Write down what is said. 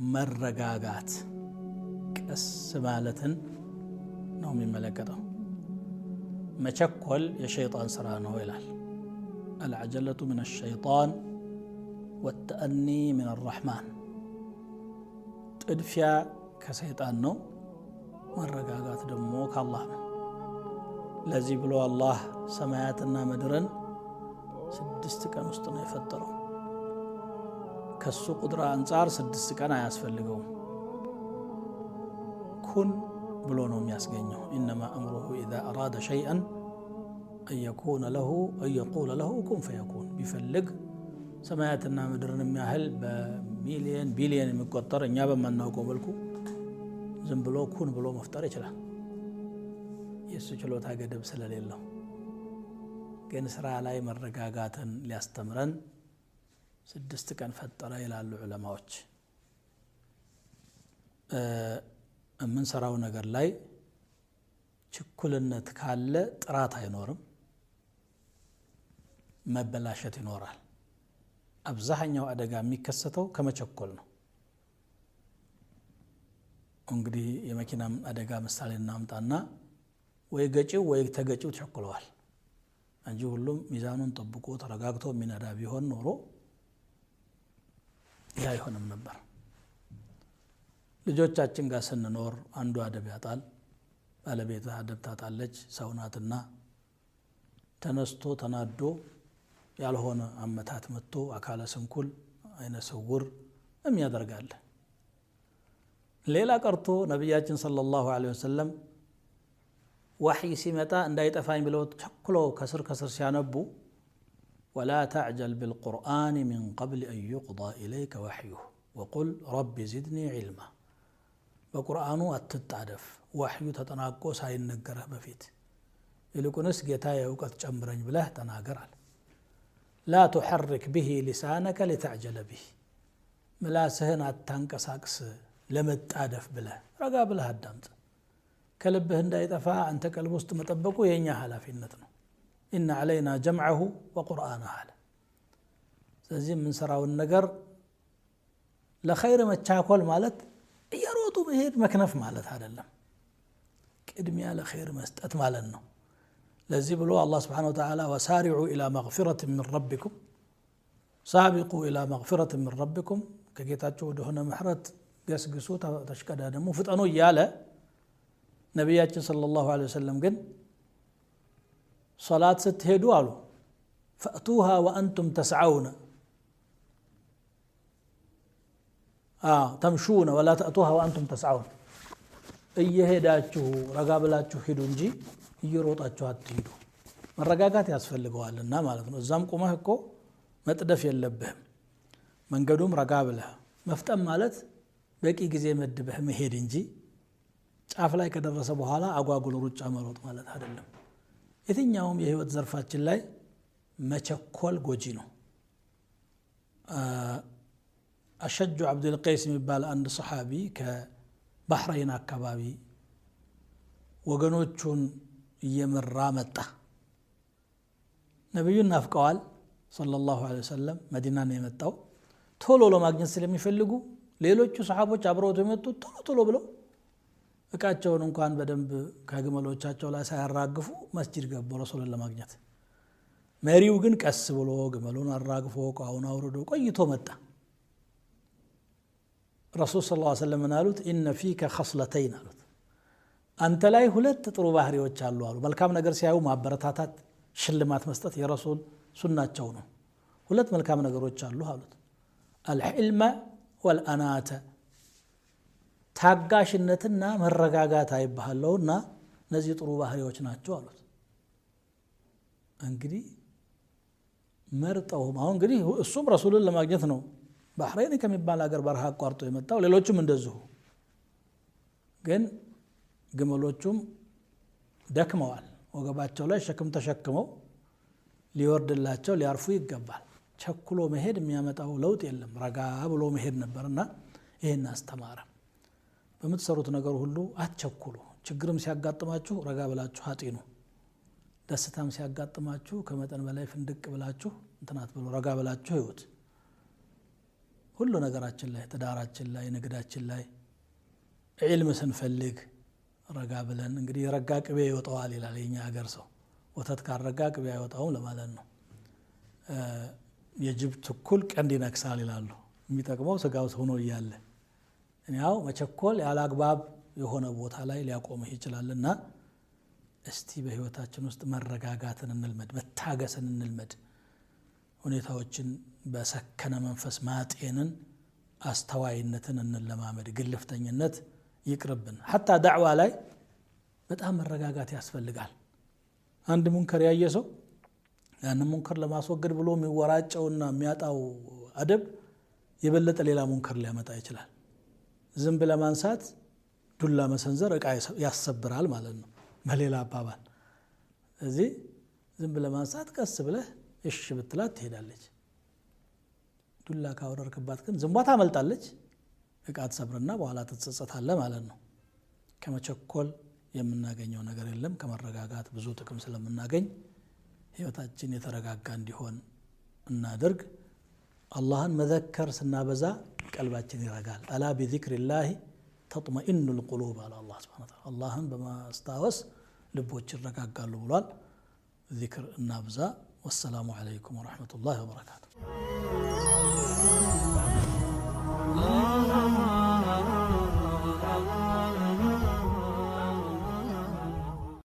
مرغاغات قس مالتن نو ما مچكل يا شيطان سرانه الهلال العجلة من الشيطان والتأني من الرحمن تدفيا كسيطان نو مرغاغات دموك الله لذي بلو الله سماياتنا مدرن سدست كان مستنى ከሱ ቁጥር አንጻር ስድስት ቀን አያስፈልገውም። ኩን ብሎ ነው የሚያስገኘው። እነማ አምሩሁ ኢዛ አራደ ሸይአን አንየቁለ ለሁ ኩን ፈየኩን። ቢፈልግ ሰማያትና ምድርን የሚያህል በሚሊየን ቢሊየን የሚቆጠር እኛ በማናውቀው መልኩ ዝም ብሎ ኩን ብሎ መፍጠር ይችላል። የእሱ ችሎታ ገደብ ስለሌለው ግን ስራ ላይ መረጋጋትን ሊያስተምረን ስድስት ቀን ፈጠረ ይላሉ ዑለማዎች። የምንሰራው ነገር ላይ ችኩልነት ካለ ጥራት አይኖርም፣ መበላሸት ይኖራል። አብዛኛው አደጋ የሚከሰተው ከመቸኮል ነው። እንግዲህ የመኪና አደጋ ምሳሌ እናምጣና ወይ ገጪው ወይ ተገጪው ተቸኩለዋል እንጂ ሁሉም ሚዛኑን ጠብቆ ተረጋግቶ የሚነዳ ቢሆን ኖሮ ይህ አይሆንም ነበር። ልጆቻችን ጋር ስንኖር አንዱ አደብ ያጣል፣ ባለቤት አደብ ታጣለች፣ ሰው ናትና ተነስቶ ተናዶ ያልሆነ አመታት መጥቶ አካለ ስንኩል አይነ ስውር የሚያደርጋለ። ሌላ ቀርቶ ነቢያችን ሰለላሁ ዐለይሂ ወሰለም ዋሕይ ሲመጣ እንዳይጠፋኝ ብለው ቸኩለው ከስር ከስር ሲያነቡ ولا تعجل بالقرآن من قبل أن يقضى إليك وحيه وقل رب زدني علما በቁርአኑ አትጣደፍ ዋሕዩ ተጠናቆ ሳይነገረህ በፊት ይልቁንስ ጌታ የእውቀት ጨምረኝ ብለህ ተናገር አለ ላ ቱሐርክ ብሂ ሊሳነከ ሊተዕጀለ ብሂ ምላስህን አታንቀሳቅስ ለመጣደፍ ብለህ ረጋ ብለህ አዳምጥ ከልብህ እንዳይጠፋ አንተ ቀልብ ውስጥ መጠበቁ የእኛ ኃላፊነት ነው إن علينا جمعه وقرآنه على سازيم من سراو والنقر لخير ما تشاكل مالت يروطو مهير مكنف مالت هذا اللهم كدمي على خير ما استأتمال النوم لازيب الله سبحانه وتعالى وسارعوا إلى مغفرة من ربكم سابقوا إلى مغفرة من ربكم كجيت أجود هنا محرت قس قسوت تشكد هذا مو فتنو يالا نبياتي صلى الله عليه وسلم قل ሶላት ስትሄዱ አሉ ፈእቱሃ ወአንቱም ተስዓውነ ተምሹነ ወላ ተእቱሃ ወአንቱም ተስዓውን እየሄዳችሁ ረጋ ብላችሁ ሂዱ እንጂ እየሮጣችሁ አትሂዱ። መረጋጋት ያስፈልገዋልና ማለት ነው። እዛም ቁመህ እኮ መጥደፍ የለብህም። መንገዱም ረጋ ብለህ መፍጠን ማለት በቂ ጊዜ መድበህ መሄድ እንጂ ጫፍ ላይ ከደረሰ በኋላ አጓጉል ሩጫ መሮጥ ማለት አይደለም። የትኛውም የህይወት ዘርፋችን ላይ መቸኮል ጎጂ ነው። አሸጁ አብዱልቀይስ የሚባል አንድ ሰሓቢ ከባሕረይን አካባቢ ወገኖቹን እየመራ መጣ። ነቢዩን ናፍቀዋል ሰለላሁ ዐለይሂ ወሰለም። መዲና ነው የመጣው። ቶሎ ለማግኘት ስለሚፈልጉ ሌሎቹ ሰሓቦች አብረውት የመጡት ቶሎ ቶሎ ብለው እቃቸውን እንኳን በደንብ ከግመሎቻቸው ላይ ሳያራግፉ መስጂድ ገቡ ረሱልን ለማግኘት። መሪው ግን ቀስ ብሎ ግመሉን አራግፎ እቃውን አውርዶ ቆይቶ መጣ። ረሱል ስ ላ ስለም ምን አሉት? ኢነ ፊከ ከስለተይን አሉት። አንተ ላይ ሁለት ጥሩ ባህሪዎች አሉ አሉ። መልካም ነገር ሲያዩ ማበረታታት፣ ሽልማት መስጠት የረሱል ሱናቸው ነው። ሁለት መልካም ነገሮች አሉ አሉት፣ አልሕልመ ወልአናተ ታጋሽነትና መረጋጋት አይባሃለውና እነዚህ ጥሩ ባህሪዎች ናቸው አሉት። እንግዲህ መርጠውም አሁን እንግዲህ እሱም ረሱልን ለማግኘት ነው ባህረይን ከሚባል ሀገር በረሃ አቋርጦ የመጣው ሌሎቹም እንደዚሁ ግን ግመሎቹም ደክመዋል። ወገባቸው ላይ ሸክም ተሸክመው ሊወርድላቸው ሊያርፉ ይገባል። ቸኩሎ መሄድ የሚያመጣው ለውጥ የለም። ረጋ ብሎ መሄድ ነበርና ይህን አስተማረም። በምትሰሩት ነገር ሁሉ አትቸኩሉ። ችግርም ሲያጋጥማችሁ ረጋ ብላችሁ አጢኑ። ደስታም ሲያጋጥማችሁ ከመጠን በላይ ፍንድቅ ብላችሁ እንትናት ብሎ ረጋ ብላችሁ ህይወት ሁሉ ነገራችን ላይ ትዳራችን ላይ ንግዳችን ላይ ዒልም ስንፈልግ ረጋ ብለን እንግዲህ የረጋ ቅቤ ይወጣዋል ይላል የኛ ሀገር ሰው። ወተት ካረጋ ቅቤ አይወጣውም ለማለት ነው። የጅብ ትኩል ቀንድ ይነክሳል ይላሉ። የሚጠቅመው ስጋው ሆኖ እያለ ያው መቸኮል ያለ አግባብ የሆነ ቦታ ላይ ሊያቆምህ ይችላልና እስቲ በህይወታችን ውስጥ መረጋጋትን እንልመድ፣ መታገስን እንልመድ፣ ሁኔታዎችን በሰከነ መንፈስ ማጤንን፣ አስተዋይነትን እንለማመድ። ግልፍተኝነት ይቅርብን። ሐታ ዳዕዋ ላይ በጣም መረጋጋት ያስፈልጋል። አንድ ሙንከር ያየ ሰው ያን ሙንከር ለማስወገድ ብሎ የሚወራጨውና የሚያጣው አደብ የበለጠ ሌላ ሙንከር ሊያመጣ ይችላል። ዝንብ ለማንሳት ዱላ መሰንዘር እቃ ያሰብራል ማለት ነው፣ በሌላ አባባል። እዚህ ዝንብ ለማንሳት ቀስ ብለህ እሽ ብትላት ትሄዳለች። ዱላ ካወረርክባት ግን ዝንቧ ታመልጣለች፣ እቃ ትሰብርና በኋላ ትጸጸታለ ማለት ነው። ከመቸኮል የምናገኘው ነገር የለም። ከመረጋጋት ብዙ ጥቅም ስለምናገኝ ህይወታችን የተረጋጋ እንዲሆን እናድርግ። አላህን መዘከር ስናበዛ قلبا جنيرا قال ألا بذكر الله تطمئن القلوب على الله سبحانه وتعالى اللهم بما استاوس لبوش الرقا قال له ذكر النابزة والسلام عليكم ورحمة الله وبركاته